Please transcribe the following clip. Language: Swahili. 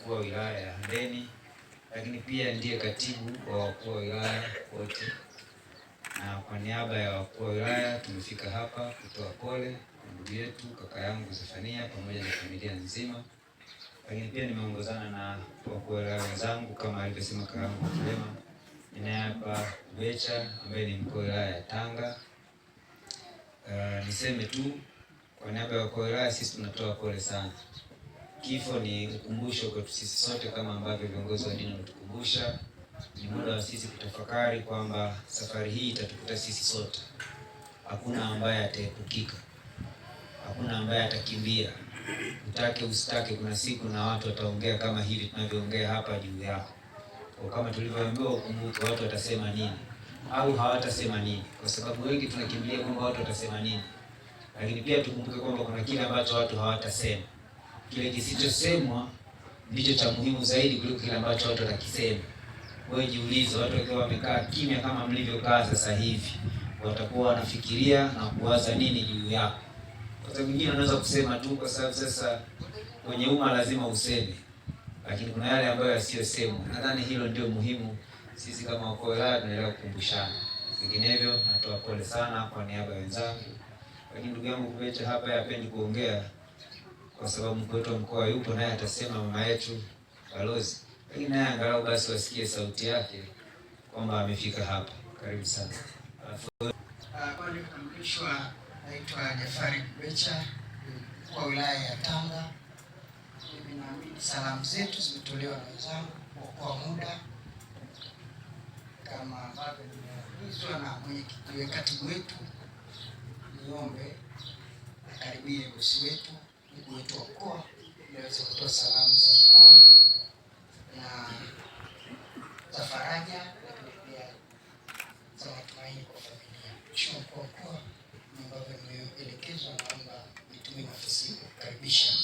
mkuu wa wilaya ya Handeni, lakini pia ndiye katibu wa wakuu wa wilaya wote, na kwa niaba ya wakuu wa wilaya tumefika hapa kutoa pole kwa ndugu yetu kaka yangu Zefania pamoja na familia nzima, lakini pia nimeongozana na wakuu wa wilaya wenzangu kama alivyosema kaka yangu Kilema, ninayapa Becha ambaye ni mkuu wa wilaya ya Tanga. Uh, niseme tu kwa niaba ya wakuu wa wilaya sisi tunatoa pole sana Kifo ni ukumbusho kwetu sisi sote, kama ambavyo viongozi wa dini wametukumbusha. Ni muda wa sisi kutafakari kwamba safari hii itatukuta sisi sote, hakuna ambaye ataepukika, hakuna ambaye atakimbia. Utake usitake, kuna siku na watu wataongea kama hivi tunavyoongea hapa juu yako, kwa kama tulivyoambiwa, ukumbuke watu watasema nini au hawatasema nini, kwa sababu wengi tunakimbilia kwamba watu watasema nini, lakini pia tukumbuke kwamba kuna kile ambacho watu hawatasema kile kisichosemwa ndicho cha muhimu zaidi kuliko kile ambacho watu watakisema. Wewe jiulize, watu wakiwa wamekaa kimya kama mlivyokaa sasa hivi, watakuwa wanafikiria na kuwaza nini juu yako? Kwa sababu mwingine anaweza kusema tu, kwa sababu sasa kwenye umma lazima useme, lakini kuna yale ambayo yasiyosemwa. Nadhani hilo ndio muhimu, sisi kama wakuu wa wilaya tunaendelea kukumbushana, vinginevyo natoa pole sana kwa niaba ya wenzangu, lakini ndugu yangu Kuvecha hapa yapendi kuongea kwa sababu mkuu wetu wa mkoa yupo naye, atasema mama yetu balozi, lakini naye angalau basi wasikie sauti yake kwamba amefika hapa. Karibu sana. Kukamilishwa. Naitwa Jafari Mbecha kwa wilaya ya Tanga. Mimi naamini salamu zetu zimetolewa na wenzangu kwa muda kama ambavyo nimeagizwa na mwenyekiti katibu wetu, niombe akaribie bosi wetu ndugu wetu wa mkoa ameweza kutoa salamu za mkoa na za faraja, lakini pia za matumaini kwa familia. Mheshimiwa mkuu wa mkoa, ambavyo mmeelekezwa, naomba nitumie nafasi kukaribisha